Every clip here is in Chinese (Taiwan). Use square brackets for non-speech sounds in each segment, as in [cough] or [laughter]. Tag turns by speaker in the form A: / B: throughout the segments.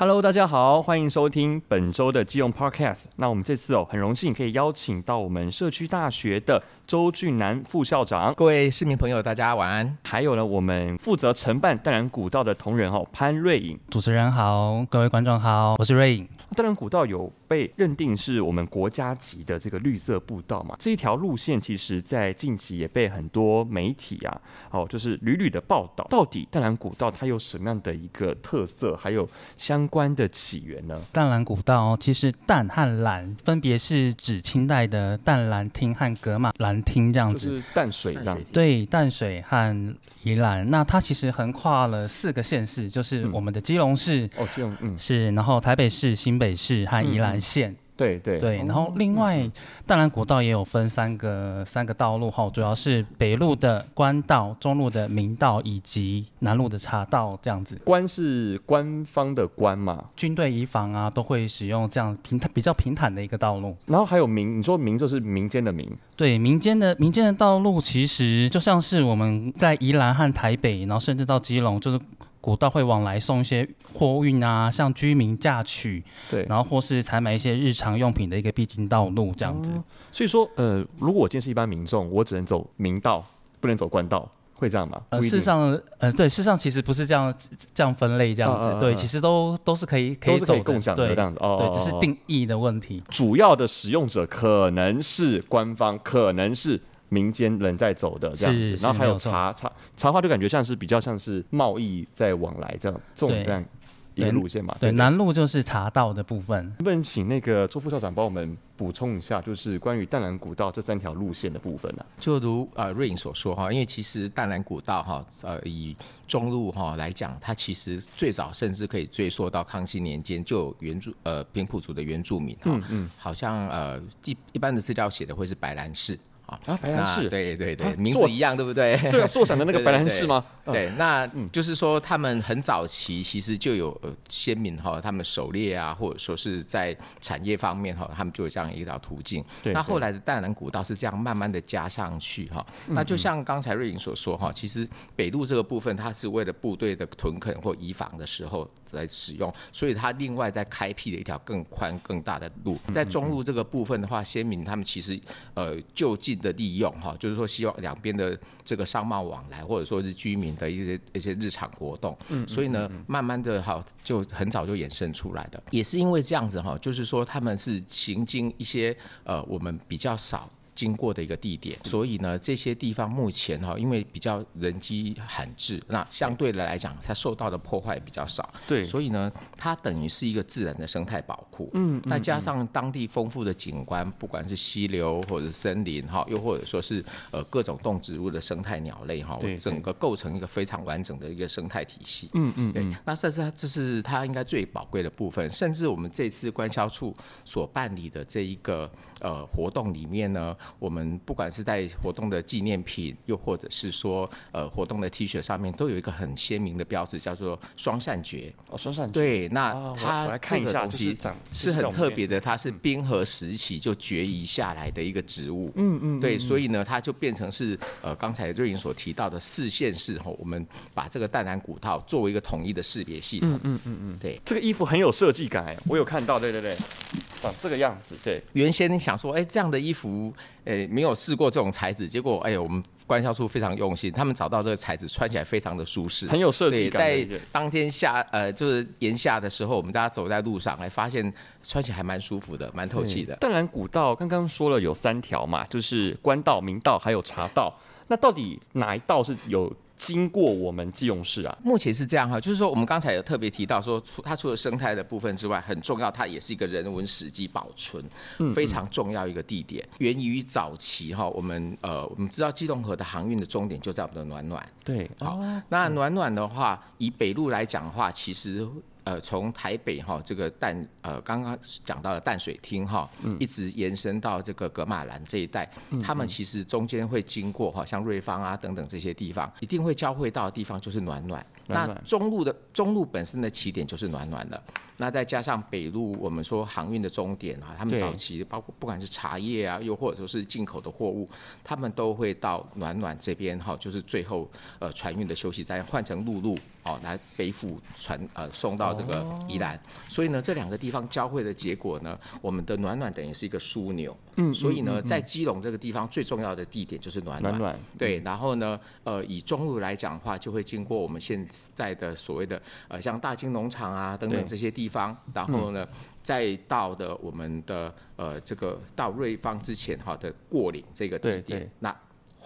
A: Hello，大家好，歡迎收聽本周的基隆 Podcast。那我們這次哦，很榮幸可以邀請到我們社區大學的周俊男副校長。各位市民朋友，大家晚安。還有呢，我們負責承辦淡蘭古道的同仁哦，潘叡
B: 穎。主持人好，各位觀眾好，我是叡穎。
A: 淡蘭古道有被認定是我們國家級的這個綠色步道嘛？這一條路線其實，在近期也被很多媒體啊，哦，就是屢屢的報道。到底淡蘭古道它有什麼樣的一個特色？還有
B: 相觀的起源呢？淡蘭古道其實，淡和蘭分別是指清代的淡蘭廳和噶瑪蘭廳這樣子，淡水對，淡水和宜蘭，那它其實橫跨了四個縣市，就是我們的基隆市，哦，基隆，嗯，是，然後台北市、新北市和宜蘭縣。嗯嗯對對對，然後另外、嗯、淡蘭古道也有分三個三個道路哈，主要是北路的官道、中路的民道以及南路的茶道這樣子。
A: 官是官方的官嘛，
B: 軍隊移防啊都會使用這樣平坦、比較平坦的一個道路。
A: 然後還有民，你說民就是民間的民。
B: 對，民間的民間的道路其實就像是我們在宜蘭和台北，然後甚至到基隆，就是。古道會往來送一些貨運啊，像居民嫁娶，對，然後或是採買一些日常用品的一個必經道路這樣子。呃、
A: 所以說，呃，如果我今天是一般民眾，我只能走民道，不能走官道，會這樣嗎、呃？事實上，
B: 呃，對，事實上其實不是這樣這樣分類這樣子，啊啊啊啊對，其實都都是可以可以走可以共享的這樣子，對，只、哦就是定義的問題。
A: 主要的使用者可能是官方，可能是。民間人在走的這樣子，是是然後還有茶茶茶花，話就感覺像是比較像是貿易在往來這樣，這種這樣
B: 一個路線嘛。對，南路就是茶道的部分。
A: 問，請那個周副校長幫我們補充一下，就是關於淡蘭古道這三條路線的部分呢、啊？就如呃叡穎所說
C: 哈，因為其實淡蘭古道哈，呃，以中路哈來講，它其實最早甚至可以追溯到康熙年間就有原住呃平埔族的原住民嗯嗯，嗯好像呃一一般的資料寫的會是白蘭氏。啊，白蘭氏對，對對對，啊、名字一樣、啊、對不對？對啊，碩產的那個白蘭氏嗎？對，那就是說他們很早期其實就有先民哈、哦，他們狩獵啊，或者說是在產業方面哈、哦，他們就有這樣一條途徑。對對，那後來的淡蘭古道是這樣慢慢的加上去哈、哦。對對，那就像剛才叡穎所說哈、哦，嗯嗯，其實北路這個部分它是為了部隊的屯墾或移防的時候來使用，所以他另外再開闢了一條更寬、更大的路。在中路這個部分的話，先民他們其實呃就近的利用哈、哦，就是說希望兩邊的這個商貿往來，或者說是居民的一些一些日常活動。嗯，所以呢，嗯嗯嗯、慢慢的哈，就很早就衍生出來的。也是因為這樣子哈、哦，就是說他們是行經一些呃我們比較少。經過的一個地點，所以呢，這些地方目前哈，因為比較人迹罕至，那相對的來講，它受到的破壞比較少。對，所以呢，它等於是一個自然的生態寶庫。嗯，嗯，嗯，再加上當地豐富的景觀，不管是溪流或者森林哈，又或者說是呃各種動植物的生態鳥類哈，對整個構成一個非常完整的一個生態體系。嗯，嗯嗯，對，那這是它這是它應該最寶貴的部分，甚至我們這次觀銷處所辦理的這一個。呃，活動裡面呢，我們不管是在活動的紀念品，又或者是說，呃，活動的 T 恤上面，都有一個很鮮明的標誌，叫做雙扇蕨。哦，雙扇蕨。對，那他這個東西是很特別的，它是冰河時期就孑遺下來的一個植物。嗯嗯。嗯嗯對，所以呢，它就變成是呃，剛才叡穎所提到的四線式哈、哦，我們把這個淡蘭古道作為一個統一的識別系統。嗯嗯嗯，嗯對，這個衣服很有設計感，我有看到。對對對。長、啊、這個樣子，對，原先你想說，哎、欸，這樣的衣服，哎、欸，沒有試過這種材質，結果，哎、欸、我們觀銷處非常用心，他們找到這個材質，穿起來非常的舒適，很有設計感的。在當天下，呃，就是炎夏的時候，我們大家走在路上，還、欸、發現穿起來還蠻舒服的，蠻透氣的。淡蘭、嗯，
A: 古道剛剛說了有三條嘛，就是官道、民道還有茶道，那到底哪一道是有？經過我們基隆市啊，目前是這樣哈，就是說我們剛才有特別
C: 提到說，除它除了生態的部分之外，很重要，它也是一個人文史蹟保存，嗯嗯、非常重要一個地點，源於早期哈，我們呃，我們知道基隆河的航運的終點就在我們的暖暖，對，好，哦、那暖暖的話，嗯，以北路來講的話，其實。呃，從台北哈、哦、這個淡呃剛剛講到的淡水廳哈、哦，嗯、一直延伸到這個噶瑪蘭這一帶，嗯、哼他們其實中間會經過哈，像瑞芳啊等等這些地方，一定會交匯到的地方就是暖暖。暖暖，那中路的中路本身的起點就是暖暖的，那再加上北路，我們說航運的終點啊，他們早期包括不管是茶葉啊，又或者說是進口的貨物，他們都會到暖暖這邊哈，就是最後呃船運的休息站，換成陸路。哦，來背負傳呃送到這個宜蘭，哦、所以呢，這兩個地方交匯的結果呢，我們的暖暖等於是一個樞紐。嗯，嗯所以呢，嗯嗯、在基隆這個地方最重要的地點就是暖暖。暖暖對。然後呢，呃，以中路來講的話，就會經過我們現在的所謂的呃，像大菁農場啊等等這些地方，對然後呢，嗯、再到的我們的呃這個到瑞芳之前哈的過嶺這個地點。對對。對那。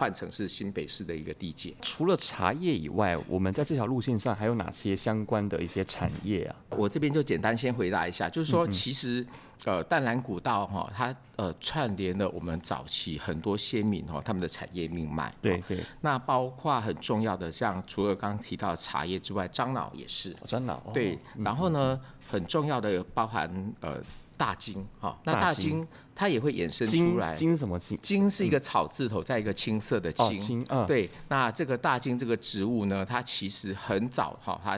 C: 換成是新北市的
A: 一個地界。除了茶葉以外，我們在這條路線上還有哪些相關的一些產業啊？我這邊就簡單先回答一下，就是說，其實，嗯嗯呃，淡蘭古道哈、哦，它。
C: 呃，串聯了我們早期很多先民他們的產業命脈。對對。那包括很重要的，像除了剛剛提到茶葉之外，樟腦也是。樟腦。對。然後呢，很重要的包含呃大菁哈。那大菁。它也會衍生出來。菁什麼菁？菁是一個草字頭，再一個青色的青。對，那這個大菁這個植物呢，它其實很早哈，它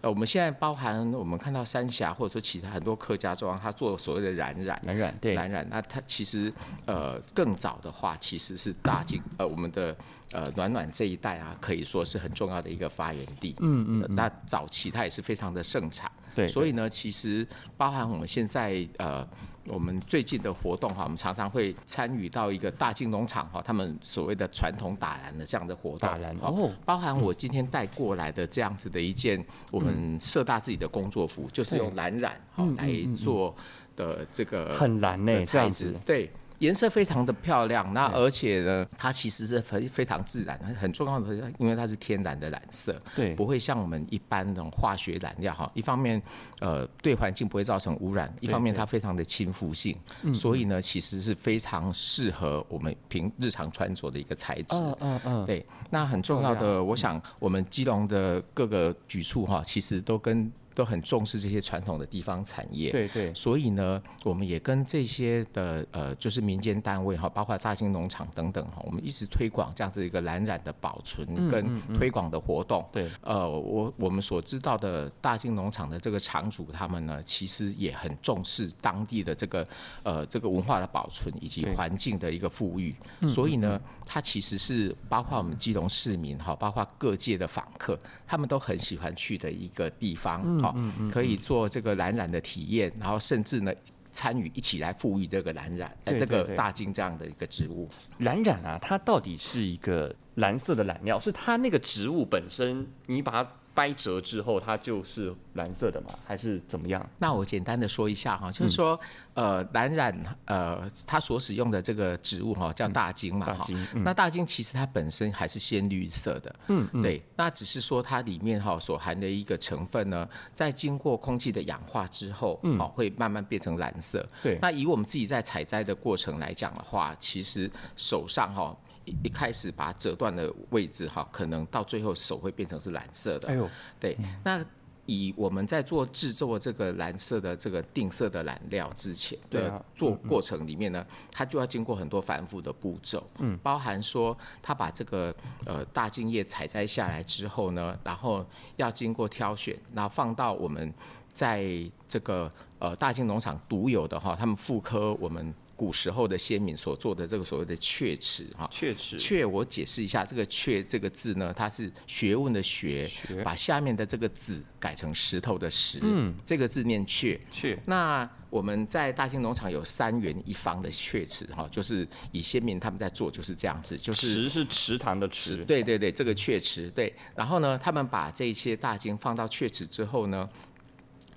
C: 呃我們現在包含我們看到三峽或者說其他很多客家莊，它做所謂的染染。染染。染染，那它。其實，呃，更早的話，其實是大菁，呃，我們的呃暖暖這一帶啊，可以說是很重要的一個發源地。嗯嗯。那、嗯、早期它也是非常的盛產。對。所以呢，其實包含我們現在呃，我們最近的活動哈，我們常常會參與到一個大菁農場哈，他們所謂的傳統打藍的這樣的活動。打藍哦。包含我今天帶過來的這樣子的一件我們社大自己的工作服，嗯、就是用藍染哈對、哦、來做。嗯嗯嗯呃，這個很藍誒、欸，材質、呃、對，顏色非常的漂亮，那而且呢，對它其實是非常自然很重要的，因為它是天然的染色，對，不會像我們一般那種化學染料，哈。一方面，呃，對環境不會造成污染，一方面，它非常的親膚性，對對對，所以呢，其實是非常適合我們平日常穿着的一個材質。嗯嗯嗯，對，那很重要的，啊、我想我們基隆的各個舉措哈，其實都跟，都很重視這些傳統的地方產業，對對，所以呢，我們也跟這些的呃，就是民間單位哈，包括大菁農場等等哈，我們一直推廣這樣子一個藍染的保存跟推廣的活動。對，呃，我我們所知道的大菁農場的這個場主他們呢，其實也很重視當地的這個呃這個文化的保存以及環境的一個復育，所以呢，它其實是包括我們基隆市民哈，包括各界的訪客，他們都很喜歡去的一個地方。嗯，可以做這個藍染的體驗，然後甚至呢，參與一起來賦予這個藍染，
A: 呃，這個大金這樣的一個植物。藍染啊，它到底是一個藍色的染料，是它那個植物本身，你把它。掰折之後，它就是藍色的嗎？還是怎麼樣？那我簡單的說一下哈，就是說，嗯、呃，藍染，呃，
C: 它所使用的這個植物哈，叫大金嘛哈、嗯。大金。嗯、那大金其實它本身還是鮮綠色的。嗯。嗯對。那只是說它裡面哈所含的一個成分呢，在經過空氣的氧化之後，嗯，會慢慢變成藍色。對。那以我們自己在採摘的過程來講的話，其實手上哈。一開始把折斷的位置哈，可能到最後手會變成是藍色的。哎呦，對，那以我們在做制作這個藍色的這個定色的染料之前，對做過程裡面呢，它就要經過很多繁複的步驟，嗯、哎呦，包含說它把這個呃大菁葉採摘下來之後呢，然後要經過挑選，然後放到我們在這個呃大菁農場獨有的哈，他們婦科我們。古時候的先民所做的這個所謂的“雀池”哈，“雀池”“雀”，我解釋一下這個“雀”這個字呢，它是學問的“學”，學把下面的這個“子”改成石頭的“石”，嗯，這個字念“雀”“雀”。那我們在大興農場有三元一方的雀池哈，就是以先民他們在做就是這樣子，就是池
A: 是池塘的“池”，對
C: 對對，這個雀池對。然後呢，他們把這些大金放到雀池之後呢，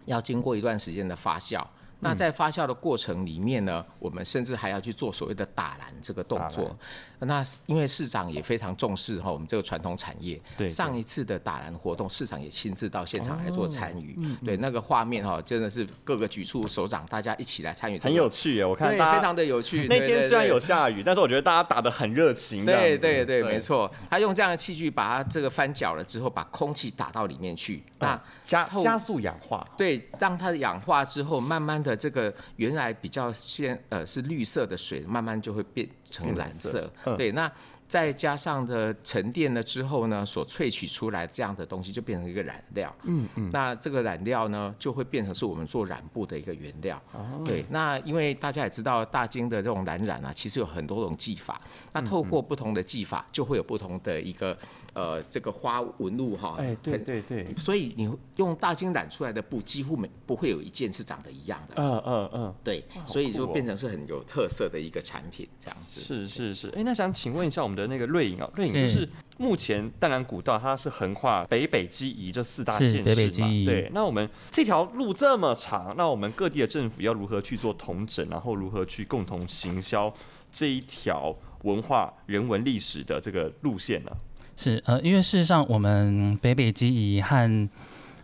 C: 要經過一段時間的發酵。那在發酵的過程裡面呢，我們甚至還要去做所謂的打籃這個動作。那因為市長也非常重視哈，我們這個傳統產業。對。上一次的打籃活動，市長也親自到現場來做參與。嗯。對，那個畫面哈，真的是各個局處首長，大家一起來參與。很有
A: 趣耶！我看。對。非常的有趣。那天雖然有下雨，但是我覺得大家打得很熱情。對對對，沒錯。他用這樣
C: 的器具把它這個翻攪了之後，把空氣打到裡面去，那加加速氧化。對，讓它氧化之後，慢慢的。呃、這個原來比較鮮呃是綠色的水，慢慢就會變成藍色變成。嗯、對，那。再加上的沉澱了之後呢，所萃取出來這樣的東西就變成一個染料，嗯嗯，那這個染料呢就會變成是我們做染布的一個原料。哦，對，那因為大家也知道大金的這種染染啊，其實有很多種技法，嗯嗯、那透過不同的技法就會有不同的一個呃這個花紋路哈。哎，對對對。所以你用大金染出來的布幾乎沒不會有一件是長得一樣
B: 的。嗯嗯嗯。
C: 對，所以就變成是很有特
A: 色的一個產品這樣子。好酷哦。對。是是是。哎，那想請問一下我們的。那個叡穎啊，叡穎就是目前淡蘭古道，它是橫跨北北基宜這四大縣市嘛。北北基宜。對，那我們這條路這麼長，那我們各地的政府要如何去做統整，然後如何去共同行銷這一條文化人文歷史的這個路線呢？
B: 是呃，因為事實上，我們北北基宜和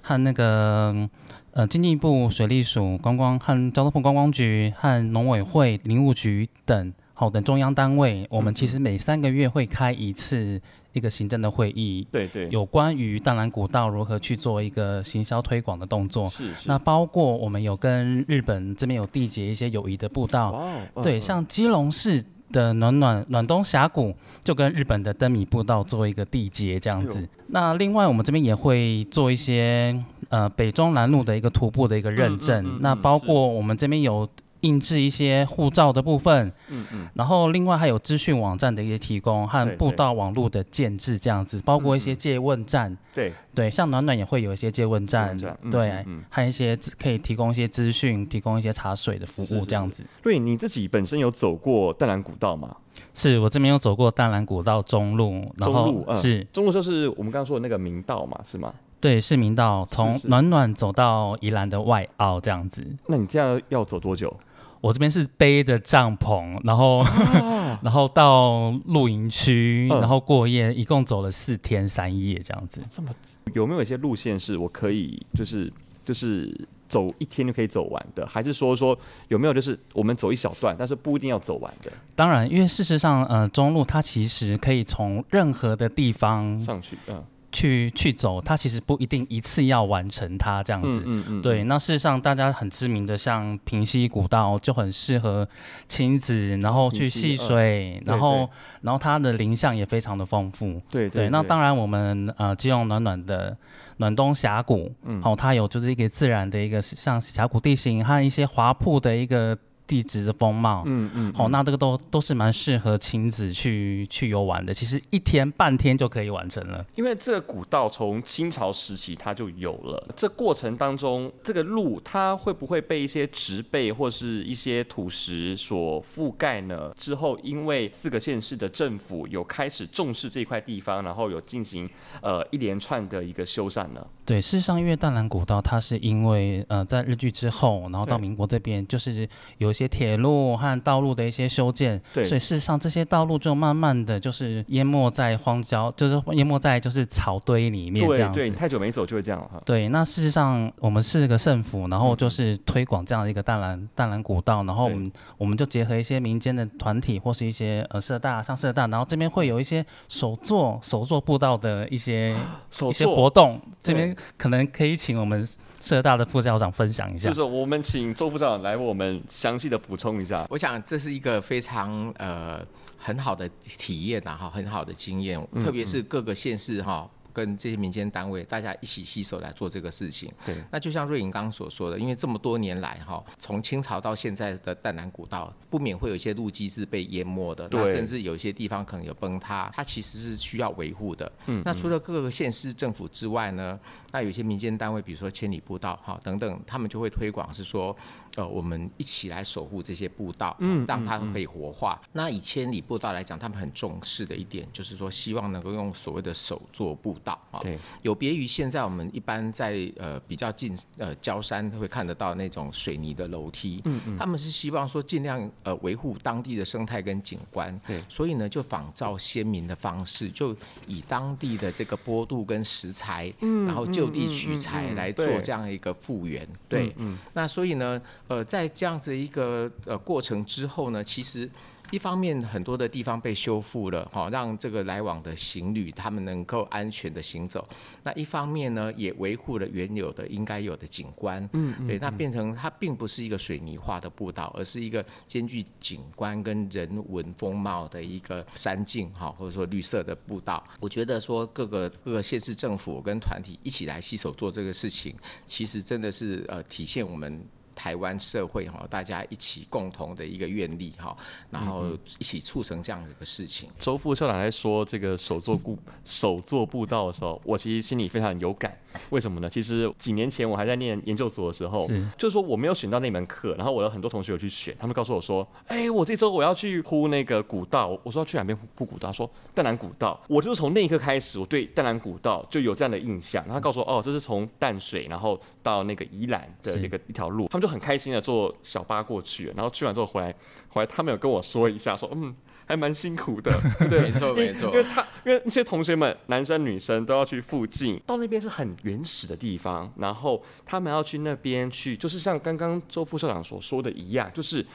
B: 和那個呃，經濟部水利署觀光和交通部觀光局和農委會林務局等。好的，中央單位，我們其實每三個月會開一次一個行政的會議，對、嗯、對，對有關於淡蘭古道如何去做一個行銷推廣的動作。是，是。那包括我們有跟日本這邊有締結一些友誼的步道，哦，呃、對，像基隆市的暖暖暖冬峽谷，就跟日本的燈謎步道做一個締結這樣子。呃、那另外我們這邊也會做一些呃北中南路的一個徒步的一個認證，嗯嗯嗯、那包括我們這邊有。印制一些護照的部分，嗯嗯，嗯然後另外還有資訊網站的一些提供和步道網路的建置這樣子，包括一些借問站，對、嗯、對，對像暖暖也會有一些借問站，問嗯、對，還有、嗯嗯、一些可以提供一些資訊、提供一些茶水的服務這樣子。是
A: 是是對你自己本身有走過淡蘭古道嗎？
B: 是我這邊有走過淡蘭古道中路，然後中路、嗯、是
A: 中路就是我們剛剛說的那個明道嘛，是嗎？
B: 對，是明道，從暖暖走到宜蘭的外澳這樣子是是。那你這樣要走多久？我這邊是背着帳篷，然後、啊、 [laughs] 然後到露營區，嗯、然後過夜，一共走了四天三夜這樣子。啊、這麼
A: 有沒有一些路線是我可以就是就是走一天就可以走完的？還是說說有沒有就是我們走一小段，但是不一定要走完的？嗯、
B: 當然，因為事實上，嗯、呃，中路它其實可以從任何的地方上去，嗯。去去走，它其實不一定一次要完成它這樣子。嗯嗯，嗯對，那事實上大家很知名的像平溪古道就很適合親子，然後去戲水，嗯呃、然後對對對，然後它的林相也非常的豐富。對對，對，對。那當然我們呃基隆暖暖的暖冬峽谷，好、嗯哦，它有就是一個自然的一個像峽谷地形和一些滑瀑的一個。地質的風貌，嗯嗯，好、嗯哦，那這個都都是蠻適合親子去去遊玩的，其實一天半天就可以完成了。
A: 因為這個古道從清朝時期它就有了，這過程當中這個路它會不會被一些植被或是一些土石所覆蓋呢？之後因為四個縣市的政府有開始重視這塊地方，然後有進行呃一連串的一個修繕呢。
B: 對，事實上因為淡蘭古道它是因為呃在日據之後，然後到民國這邊就是有。些鐵路和道路的一些修建，對所以事實上這些道路就慢慢的就是淹沒在荒郊，就是淹沒在就是草堆裡面這樣。對對，
A: 你太久沒走就會這樣了哈。
B: 對，那事實上我們是個政府，然後就是推廣這樣的一個淡蘭淡蘭古道，然後我們對我們就結合一些民間的團體或是一些呃社大像社大，然後這邊會有一些手作手作步道的一些、啊、一些活動，這邊可能可以請我們社大的副校長分享一下。就是
A: 我們請周副校長來我們詳細。補充一下，我想這是一
C: 個非常呃很好的體驗吶，哈，很好的經驗，嗯、特別是各個縣市哈。嗯跟這些民間單位大家一起攜手來做這個事情。對，那就像叡穎剛剛所說的，因為這麼多年來哈，從清朝到現在的淡蘭古道，不免會有一些路基是被淹沒的，對，甚至有一些地方可能有崩塌，它其實是需要維護的。嗯，嗯，那除了各個縣市政府之外呢，那有些民間單位，比如說千里步道哈等等，他們就會推廣是說，呃，我們一起來守護這些步道，嗯，嗯，嗯，讓它可以活化。那以千里步道來講，他們很重視的一點就是說，希望能夠用所謂的手作步。啊，對，有別於現在我們一般在呃比較近呃郊山會看得到那種水泥的樓梯嗯，嗯嗯，他們是希望說儘量呃維護當地的生態跟景觀，對，所以呢就仿照先民的方式，就以當地的這個坡度跟石材，嗯，然後就地取材來做這樣一個復原，嗯嗯嗯嗯，對，對嗯,嗯對，那所以呢，呃，在這樣子一個呃過程之後呢，其實。一方面很多的地方被修復了，好，讓這個來往的行旅他們能夠安全的行走。那一方面呢，也維護了原有的應該有的景觀，嗯，嗯嗯對，那變成它並不是一個水泥化的步道，而是一個兼具景觀跟人文風貌的一個山徑，哈，或者說綠色的步道。我覺得說各個各個縣市政府跟團體一起來攜手做這個事情，其實真的是呃體現我們。台灣社會哈，大家一起共同的一個願力哈，
A: 然後一起促成這樣的一個事情。周副、嗯嗯、校長在說這個手作古 [laughs] 手作步道的時候，我其實心裡非常有感。為什麼呢？其實幾年前我還在念研究所的時候，是就是說我沒有選到那門課，然後我的很多同學有去選，他們告訴我說：“哎、欸，我這週我要去呼那個古道。”我說：“要去哪邊呼，呼古道？”他說：“淡蘭古道。”我就是從那一刻開始，我對淡蘭古道就有這樣的印象。然後他告訴我：“哦，這是從淡水然後到那個宜蘭的一個一條路。是”他們就。很開心的坐小巴過去，然後去完之後回來，回來他們有跟我說一下說，說嗯，還蠻辛苦的，對， [laughs] 沒錯沒錯，因為他因為那些同學們，男生女生都要去附近， [laughs] 到那邊是很原始的地方，然後他們要去那邊去，就是像剛剛周副校長所說的一樣，就是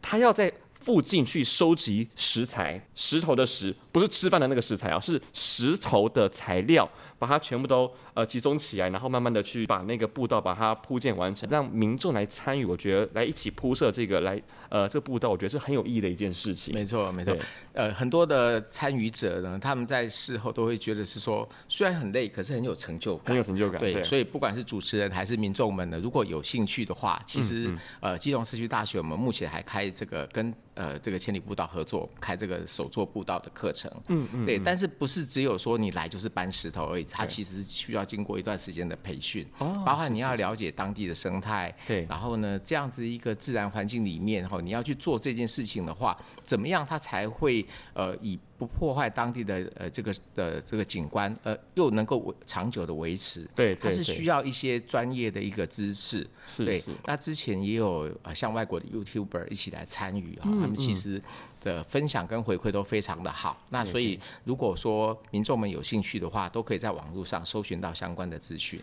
A: 他要在附近去收集石材，石頭的石，不是吃飯的那個食材啊，是石頭的材料。把它全部都呃集中起來，然後慢慢的去把那個步道把它鋪建完成，讓民眾來參與，我覺得來一起鋪設這個來呃這步道，我覺得是很有意義的一件事情。沒錯沒錯，對 呃很多的參與者呢，他們在事後都會覺得
C: 是說雖然很累，可是很有成就感，很有成就感。對，所以不管是主持人還是民眾們呢，如果有興趣的話，其實呃基隆社區大學我們目前還開這個跟呃這個千里步道合作開這個手作步道的課程，嗯嗯，嗯，對，但是不是只有說你來就是搬石頭而已。它其實需要經過一段時間的培訓，包括你要了解當地的生態，對，然後呢，這樣子一個自然環境裡面，你要去做這件事情的話，怎麼樣它才會呃以。不破壞當地的呃這個的、呃、這個景觀，呃，又能夠長久的維持。對，對，對，它是需要一些專業的一個支持。是是，對，那之前也有、呃、像外國的 YouTuber 一起來參與啊，哦嗯、他們其實的分享跟回饋都非常的好。嗯、那所以如果說民眾們有興趣的話，對對對都可以在網絡上搜尋到相關的資訊。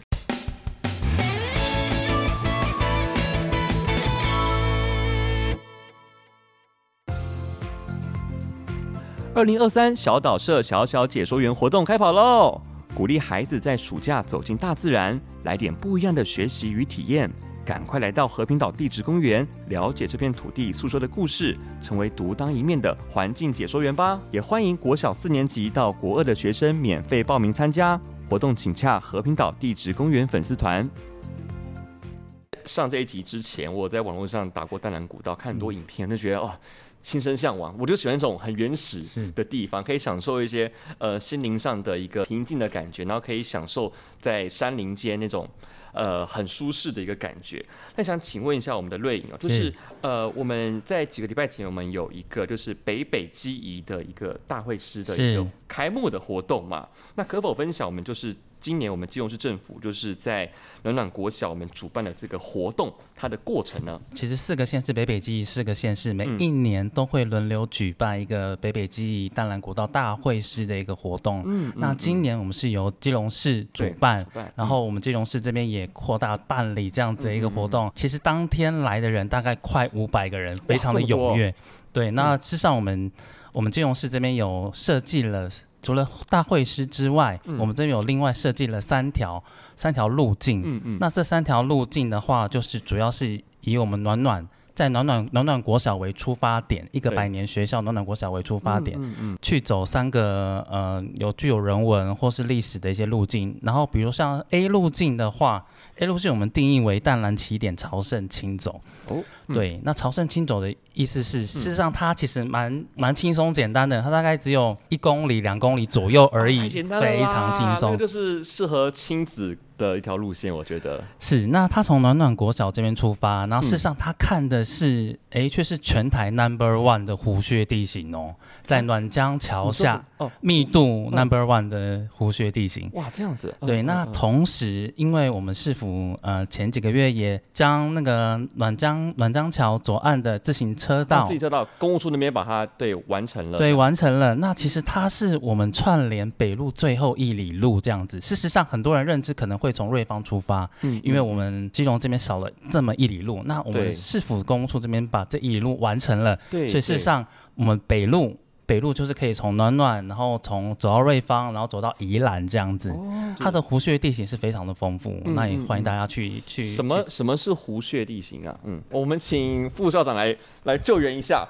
A: 二零二三小島社小小解說員活動開跑嘍！鼓勵孩子在暑假走進大自然，來點不一樣的學習與體驗。趕快來到和平島地質公園，了解這片土地訴說的故事，成為獨當一面的環境解說員吧！也歡迎國小四年級到國二的學生免費報名參加活動，請洽和平島地質公園粉絲團。上這一集之前，我在網絡上打過淡蘭古道，看很多影片，都覺得哦。心生嚮往，我就喜歡這種很原始的地方，是可以享受一些呃心靈上的一個平靜的感覺，然後可以享受在山林間那種呃很舒適的一個感覺。那想請問一下我們的叡穎啊，就是，是呃我們在幾個禮拜前，我們有一個就是北北基宜的一個大會師的一個開幕的活動嘛，是那可否分享我們就是？今年我們基隆市政府就是在暖暖國小我們主辦的這個活動，它的過程呢，
B: 其實四個縣市北北基宜四個縣市每一年都會輪流舉辦一個北北基宜淡蘭古道大會師的一個活動。嗯，那今年我們是由基隆市主辦，主辦然後我們基隆市這邊也擴大辦理這樣子的一個活動。嗯、其實當天來的人大概快五百個人，非常的踴躍。哦、對，那至少我們我們基隆市這邊有設計了。除了大會師之外，嗯、我們這邊有另外設計了三條三條路徑。嗯嗯，嗯那這三條路徑的話，就是主要是以我們暖暖在暖暖暖暖國小為出發點，對一個百年學校暖暖國小為出發點，嗯嗯，嗯嗯去走三個呃有具有人文或是歷史的一些路徑。然後，比如像 A 路徑的話，A 路徑我們定義為淡蘭起點朝聖輕走。哦。嗯、對，那朝聖輕走的意思是，事實上它其實蠻蠻輕鬆簡單的，它大概只有一公里、兩公里左右而已，哦啊、非常輕鬆，那個就
A: 是適合親子的一條路線，我覺得
B: 是。那他從暖暖國小這邊出發，然後事實上他看的是，哎、嗯，卻是全台 number、no. one 的壺穴地形哦，在暖江橋下，說說哦，密度 number、no. one 的壺穴地形，哇，這樣子。嗯嗯嗯嗯對，那同時，因為我們市府呃前幾個月也將那個暖江暖。江橋左岸的自行車道，自行車
A: 道，公務處那邊把它對完成了，對完
B: 成了。那其實它是我們串聯北路最後一里路這樣子。事實上，很多人認知可能會從瑞芳出發，嗯，因為我們基隆這邊少了這麼一里路，嗯、那我們市府公務處這邊把這一里路完成了，對，所以事實上我們北路。北路就是可以從暖暖，然後從走到瑞芳，然後走到宜蘭這樣子。它的壺穴地形是非常的豐富，那也歡迎大家去去。什麼什
A: 麼是壺穴地形啊？嗯，我們請副校長來來救援一下。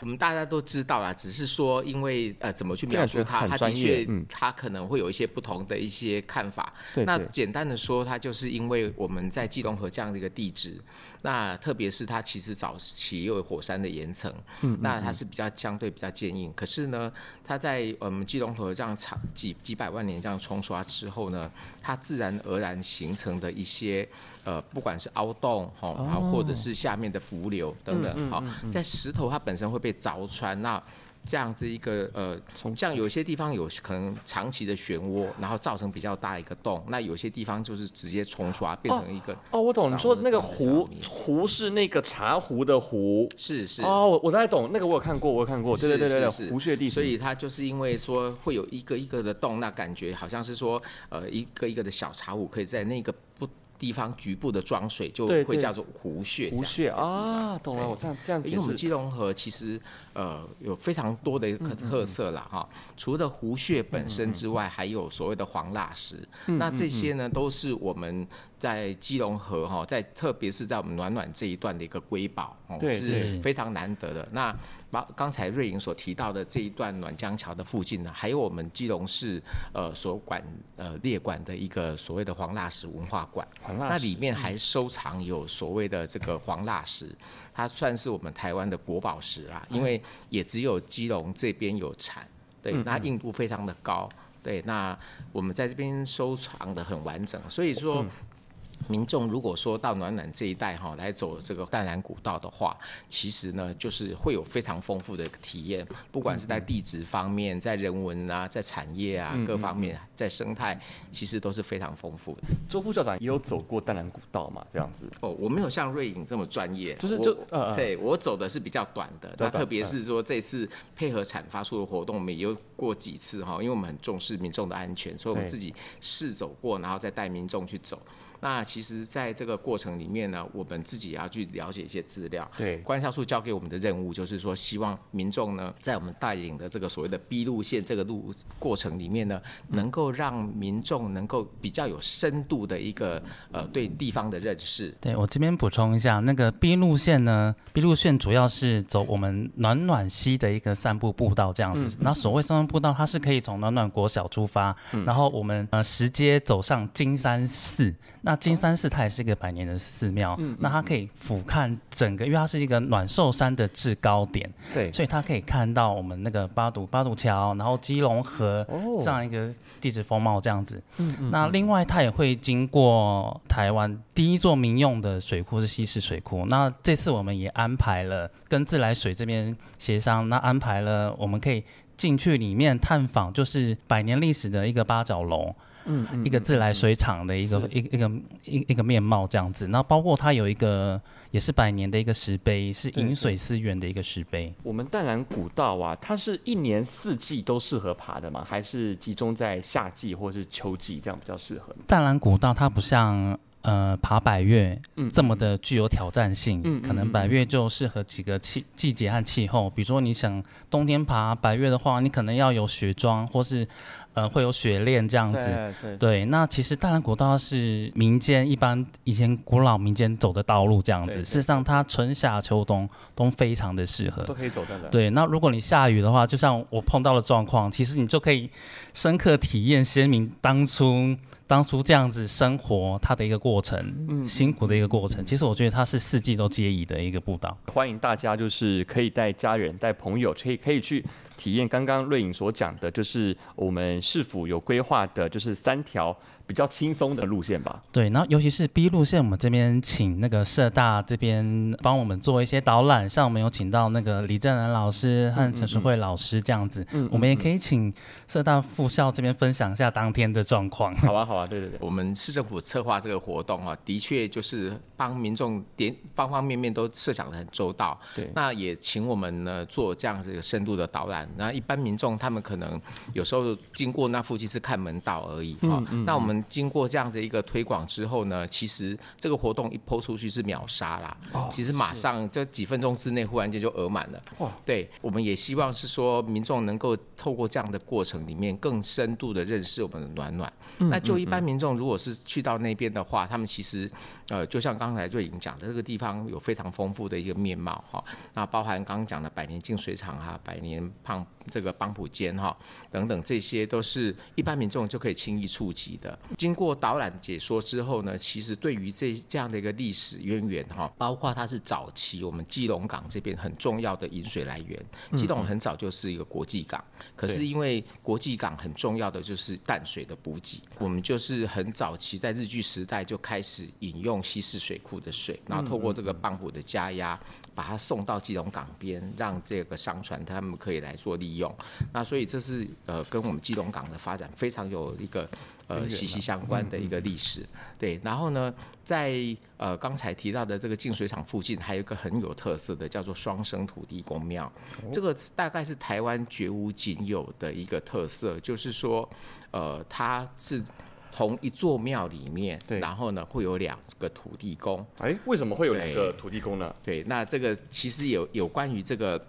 C: 我們大家都知道啦，只是說因為呃，怎麼去描述它，它的確，它可能會有一些不同的一些看法。那簡單的說，它就是因為我們在基東河這樣的一個地址。那特別是它其實早期又有火山的岩層，嗯嗯那它是比較相對比較堅硬。可是呢，它在我們基隆河這樣長幾幾百萬年這樣沖刷之後呢，它自然而然形成的一些呃，不管是凹洞吼，喔哦、然後或者是下面的伏流等等哈，嗯嗯嗯嗯在石頭它本身會被鑿穿那。這樣子一個呃，像有些地方有可能長期的漩渦，然後造成比較大一個洞，那有些地方就是直接沖刷變成一個。哦，哦，我懂、呃哦、我懂你說的那個壺壺面是那個茶壺的壺，是是。哦，
A: 我我大概懂那個，我有看過，我有看過。對對對對對，是是是壺穴
C: 地，所以它就是因為說會有一個一個的洞，那感覺好像是說呃一個一個的小茶壺可以在那個不。地方局部的裝水就會叫做湖穴，對對，湖穴啊，
A: 懂了。我這樣這樣子，因為我們基隆
C: 河其實呃有非常多的特色啦哈，嗯嗯嗯，除了湖穴本身之外，還有所謂的黃蠟石，嗯嗯嗯，那這些呢都是我們在基隆河哈，在特別是在我們暖暖這一段的一個瑰寶哦，對對對，是非常難得的。那剛剛才叡穎所提到的這一段暖江橋的附近呢，還有我們基隆市呃所管呃列管的一個所謂的黃蠟石文化館，黃那裡面還收藏有所謂的這個黃蠟石，嗯、它算是我們台灣的國寶石啦、啊，嗯、因為也只有基隆這邊有產，對，嗯嗯那，硬度非常的高，對，那我們在這邊收藏得很完整，所以說。嗯民眾如果說到暖暖這一帶哈，來走這個淡蘭古道的話，其實呢，就是會有非常豐富的體驗，不管是在地質方面，在人文啊，在產業啊，嗯嗯各方面，在生態，其實都是非常豐富的。周副校長也有走過淡蘭古道嘛？這樣子哦，我沒有像叡穎這麼專業，就是就我嗯嗯對我走的是比較短的。對那特別是說這次配合產發出的活動，我們也有過幾次哈，因為我們很重視民眾的安全，所以我們自己試走過，然後再帶民眾去走。那其實，在這個過程裡面呢，我們自己也要去了解一些資料。對，觀光處交給我們的任務就是說，希望民眾呢，在我們帶領的這個所謂的 B 路線這個路過程裡面呢，嗯、能夠讓民眾能夠比較有深度的一個呃對地方的認識。
B: 對，我這邊補充一下，那個 B 路線呢，B 路線主要是走我們暖暖西的一個散步步道這樣子。那、嗯、所謂散步步道，它是可以從暖暖國小出發，嗯、然後我們呃直接走上金山寺。那金山寺它也是一個百年的寺廟，嗯、那它可以俯瞰整個，因為它是一個暖壽山的制高點，對，所以它可以看到我們那個八堵八堵橋，然後基隆河這樣、哦、一個地質風貌這樣子。嗯、那另外它也會經過台灣第一座民用的水庫是西勢水庫，那這次我們也安排了跟自來水這邊協商，那安排了我們可以。進去裡面探訪，就是百年歷史的一個八角樓，嗯，
A: 嗯，嗯一個
B: 自來水廠的一個一是一個一個一個面貌這樣子。那包括它有一個也是百年的一個石碑，是飲水思源的一個石碑。我們
A: 淡蘭古道啊，它是一年四季都適合爬的嗎？還是集中在夏
B: 季或是秋季這樣比較適合？淡蘭古道它不像。呃，爬百岳、嗯、這麼的具有挑戰性，嗯、可能百岳就適合幾個季季節和氣候。嗯、比如說，你想冬天爬百岳的話，你可能要有雪裝，或是呃會有雪鏈這樣子。對，對，對那其實淡蘭古道是民間一般以前古老民間走的道路這樣子。事實上，它春夏秋冬都非常的適合。都可以走的。對。那如果你下雨的話，就像我碰到的狀況，其實你就可以深刻體驗先民當初。當初這樣子生活，它的一個過程，嗯，辛苦的一個過程。其實我覺得它是四季都皆宜的一個步道，
A: 歡迎大家就是可以帶家人、帶朋友，可以可以去體驗剛剛叡穎所講的，就是我們市府有規劃的，就是三條。比較輕鬆的路線吧，
B: 對。然後尤其是 B 路線，我們這邊請那個社大這邊幫我們做一些導覽，像我們有請到那個李正南老師和陳淑慧老師這樣子，嗯，嗯，嗯，我們也可以請社大副校這邊分享一下當天的狀況。好
C: 啊，好啊，對對對，我們市政府策劃這個活動啊，的確就是。幫民眾點方方面面都設想得很周到，對，那也請我們呢做這樣子一個深度的導覽。那一般民眾他們可能有時候經過那附近是看門道而已啊。嗯嗯嗯，那我們經過這樣的一個推廣之後呢，其實這個活動一拋出去是秒殺啦，哦，其實馬上這幾分鐘之內忽然間就額滿了。哦，對，我們也希望是說民眾能夠透過這樣的過程裡面更深度的認識我們的暖暖。嗯嗯嗯，那就一般民眾如果是去到那邊的話，他們其實呃就像剛。剛才叡穎講的這個地方有非常豐富的一個面貌哈，那包含剛剛講的百年淨水廠哈、百年胖這個幫浦間哈等等，這些都是一般民眾就可以輕易觸及的。經過導覽解說之後呢，其實對於這這樣的一個歷史淵源哈，包括它是早期我們基隆港這邊很重要的飲水來源。基隆很早就是一個國際港，可是因為國際港很重要的就是淡水的補給，我們就是很早期在日據時代就開始飲用稀釋水庫的水，然後透過這個泵浦的加壓，把它送到基隆港邊，讓這個商船他們可以來做利用。那所以這是呃跟我們基隆港的發展非常有一個呃息息相關的一個歷史。對，然後呢，在呃剛才提到的這個淨水廠附近，還有一個很有特色的叫做雙生土地公廟，這個大概是台灣絕無僅有的一個特色，就是說呃它是。同一座廟裡面，對然後呢會有兩個土地公。哎、欸，為什麼會有兩個土地公呢？對。對，那這個其實有有關於這個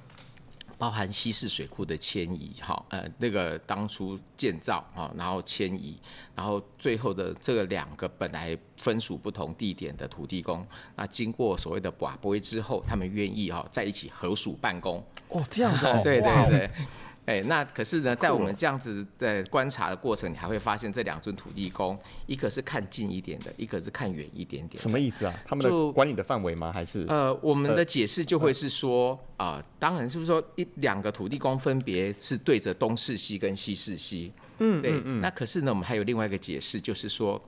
C: 包含西勢水庫的遷移哈，呃，那個當初建造哈，然後遷移，然後最後的這兩個本來分屬不同地點的土地公，那經過所謂的寡碑之後，他們願意哈在一起合署辦公。
A: 哦，這樣子，哦，啊。對對對。
C: [laughs] 哎、欸，那可是呢，在我們這樣子的觀察的過程，你還會發現這兩尊土地公，一個是看近一點的，一個是看遠一點點。什麼意思啊？他們的管理的範圍嗎？還是就？呃，呃我們的解釋就會是說啊，呃呃、當然是說一兩個土地公分別是對着東勢溪跟西勢溪嗯，對嗯。嗯，對，嗯。那可是呢，我們還有另外一個解釋，就是說，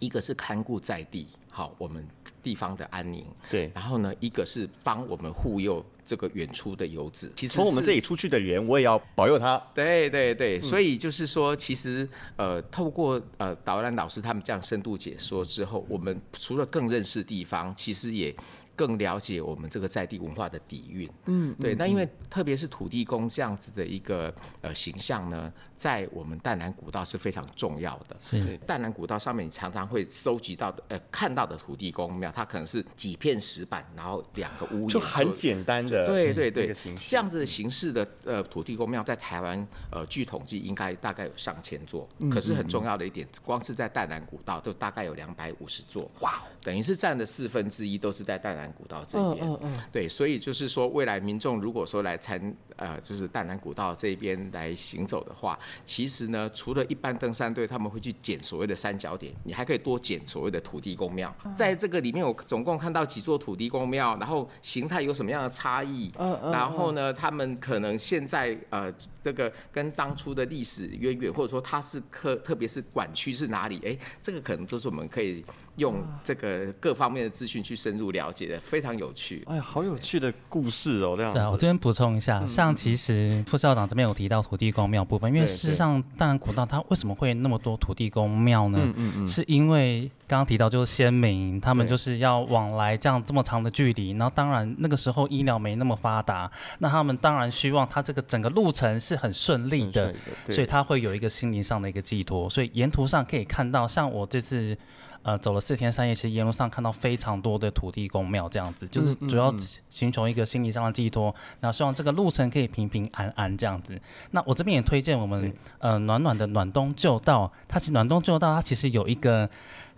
C: 一個是看顧在地，好，我們地方的安寧。對。然後呢，一個是幫我們護佑。這個遠處的游子，其實從我們這裡出去的人，我也要保佑他。對對對，嗯、所以就是說，其實呃，透過呃導覽老師他們這樣深度解說之後，我們除了更認識地方，其實也。更了解我們這個在地文化的底蘊，嗯，對。嗯、那因為特別是土地公這樣子的一個呃形象呢，在我們淡蘭古道是非常重要的。是對淡蘭古道上面，你常常會收集到的呃看到的土地公廟，它可能是幾片石板，然後兩個屋檐，就很簡單的，嗯、對對對，嗯、這樣子的形式的呃土地公廟，在台灣呃據統計應該大概有上千座，嗯嗯可是很重要的一點，光是在淡蘭古道就大概有兩百五十座，哇，等於是占了四分之一，都是在淡蘭。古道這邊，嗯，嗯，嗯。對，所以就是說，未來民眾如果說來參。呃，就是淡蘭古道這邊來行走的話，其實呢，除了一般登山隊他們會去撿所謂的三角點，你還可以多撿所謂的土地公廟。在這個裡面我總共看到幾座土地公廟，然後形態有什麼樣的差異？嗯嗯。然後呢，他們可能現在呃，這個跟當初的歷史淵源，或者說它是客，特別是管區是哪裡？哎，這個可能都是我們可以用這個各方面的資訊去深入了解的，非常有趣。哎，好有趣的故事哦，喔，這樣。對，我這
B: 邊補充一下，其實副校長這邊有提到土地公廟部分，因為事實上，對對當然古道它為什麼會那麼多土地公廟呢？嗯嗯，嗯是因為剛剛提到，就是先民他們就是要往來這樣這麼長的距離，那對當然那個時候醫療沒那麼發達，那他們當然希望他這個整個路程是很順利的，的所以他會有一個心靈上的一個寄托，所以沿途上可以看到，像我這次。呃，走了四天三夜，其實沿路上看到非常多的土地公廟這樣子，就是主要尋求一個心理上的寄托，那、嗯嗯嗯、希望這個路程可以平平安安這樣子。那我這邊也推薦我們對呃暖暖的暖東舊道，它其實暖東舊道它其實有一個。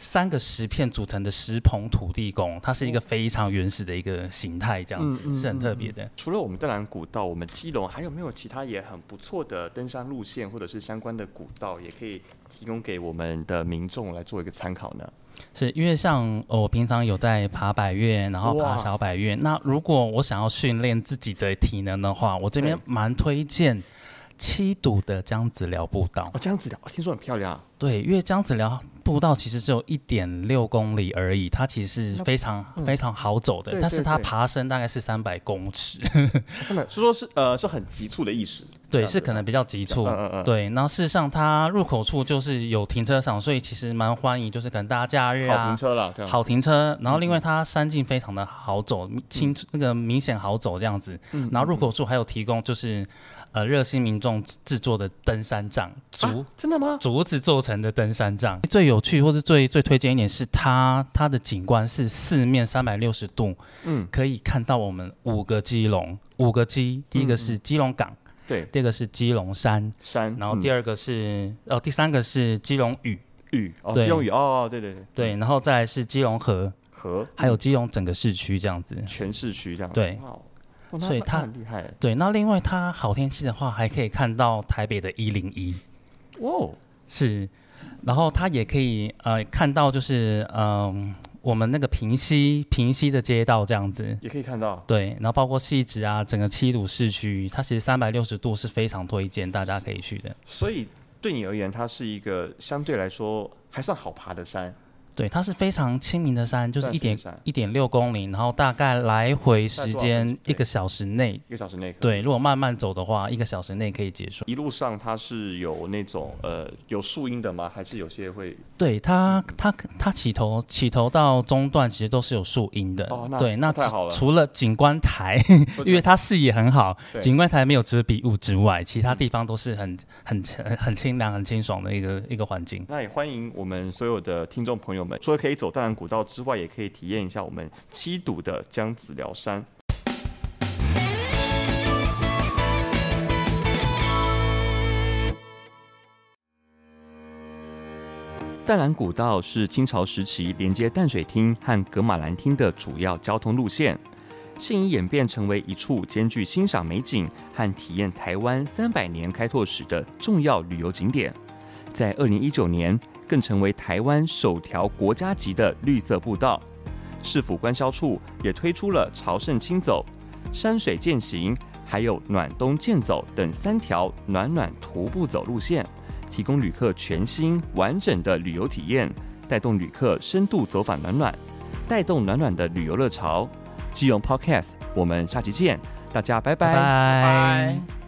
B: 三個石片組成的石棚土地公，它是一個非常原始的一個形態，這樣子、嗯、是很特別的。除了我們淡蘭古道，我們
A: 基隆還有沒有其他也很不錯的登山路線或者是相關的古道，也可以提供給我們的民眾來做一個參考呢？
B: 是因為像、哦、我平常有在爬百岳，然後爬小百岳。哇那如果我想要訓練自己的體能的話，我這邊蠻推薦。七堵的姜子寮步道哦，姜子寮聽說很漂亮。對，因為姜子寮步道其實只有一點六公里而已，它其實是非常、嗯、非常好走的，對對對，但是它爬升大概是三百公尺， [laughs] 啊、是是是說是呃
A: 是很急促的意思，
B: 對，是可能比較急促。嗯嗯，嗯對，然後事實上它入口處就是有停車場，所以其實蠻歡迎，就是可能大家假日、啊、好停車了，好停車。然後另外它山徑非常的好走，清、嗯、那個明顯好走這樣子。嗯。然後入口處還有提供就是。呃，熱心民眾制作的登山杖竹，真的嗎？竹子做成的登山杖，最有趣或者最最推薦一點是它，它的景觀是四面三百六十度，可以看到我們五個基隆，五個基，第一個是基隆港，對，第二個是基隆山山，然後第二個是呃，第三個是基隆嶼嶼，哦，基隆嶼哦，對對對，然後再來是基隆河河，還有基隆整個市區這樣子，全市區這樣子，對。哦，那個欸、所以他很厲害。對，那另外它好天氣的話，還可以看到台北的一零一。哇哦，是。然後它也可以呃看到，就是嗯、呃、我們那個平溪、平溪的街道這樣子。也可以看到。對，然後包括汐止啊，整個七堵市區，它其實三百六十度是非常推薦大家可以去的。所以對你而言，它是一個相對來說還算好爬的山。對，它是非常親民的山，就是一點一點六公里，然後大概來回時間一個小時內，一個小時內。對，如果慢慢走的話，一個小時內可以結束。
A: 一路上它是有那種呃有樹蔭的嗎？還是有些會？
B: 對，它它它起頭起頭到中段其實都是有樹蔭的。哦，那,對那太好了。除了景觀台，對因為它視野很好，對景觀台沒有遮蔽物之外，其他地方都是很很很很清涼、很清爽的一個一個環境。
A: 那也歡迎我們所有的聽眾朋友們。除了可以走淡蘭古道之外，也可以體驗一下我們七堵的姜子寮山。淡蘭古道是清朝時期連接淡水廳和噶瑪蘭廳的主要交通路線，現已演變成為一處兼具欣賞美景和體驗台灣三百年開拓史的重要旅遊景點。在二零一九年。更成為台灣首條國家級的綠色步道，市府觀銷處也推出了朝聖輕走、山水健行，還有暖冬健走等三條暖暖徒步走路線，提供旅客全新完整的旅遊體驗，帶動旅客深度走訪暖暖，帶動暖暖的旅遊熱潮。基隆 Podcast，我們下期見，大家拜拜。Bye.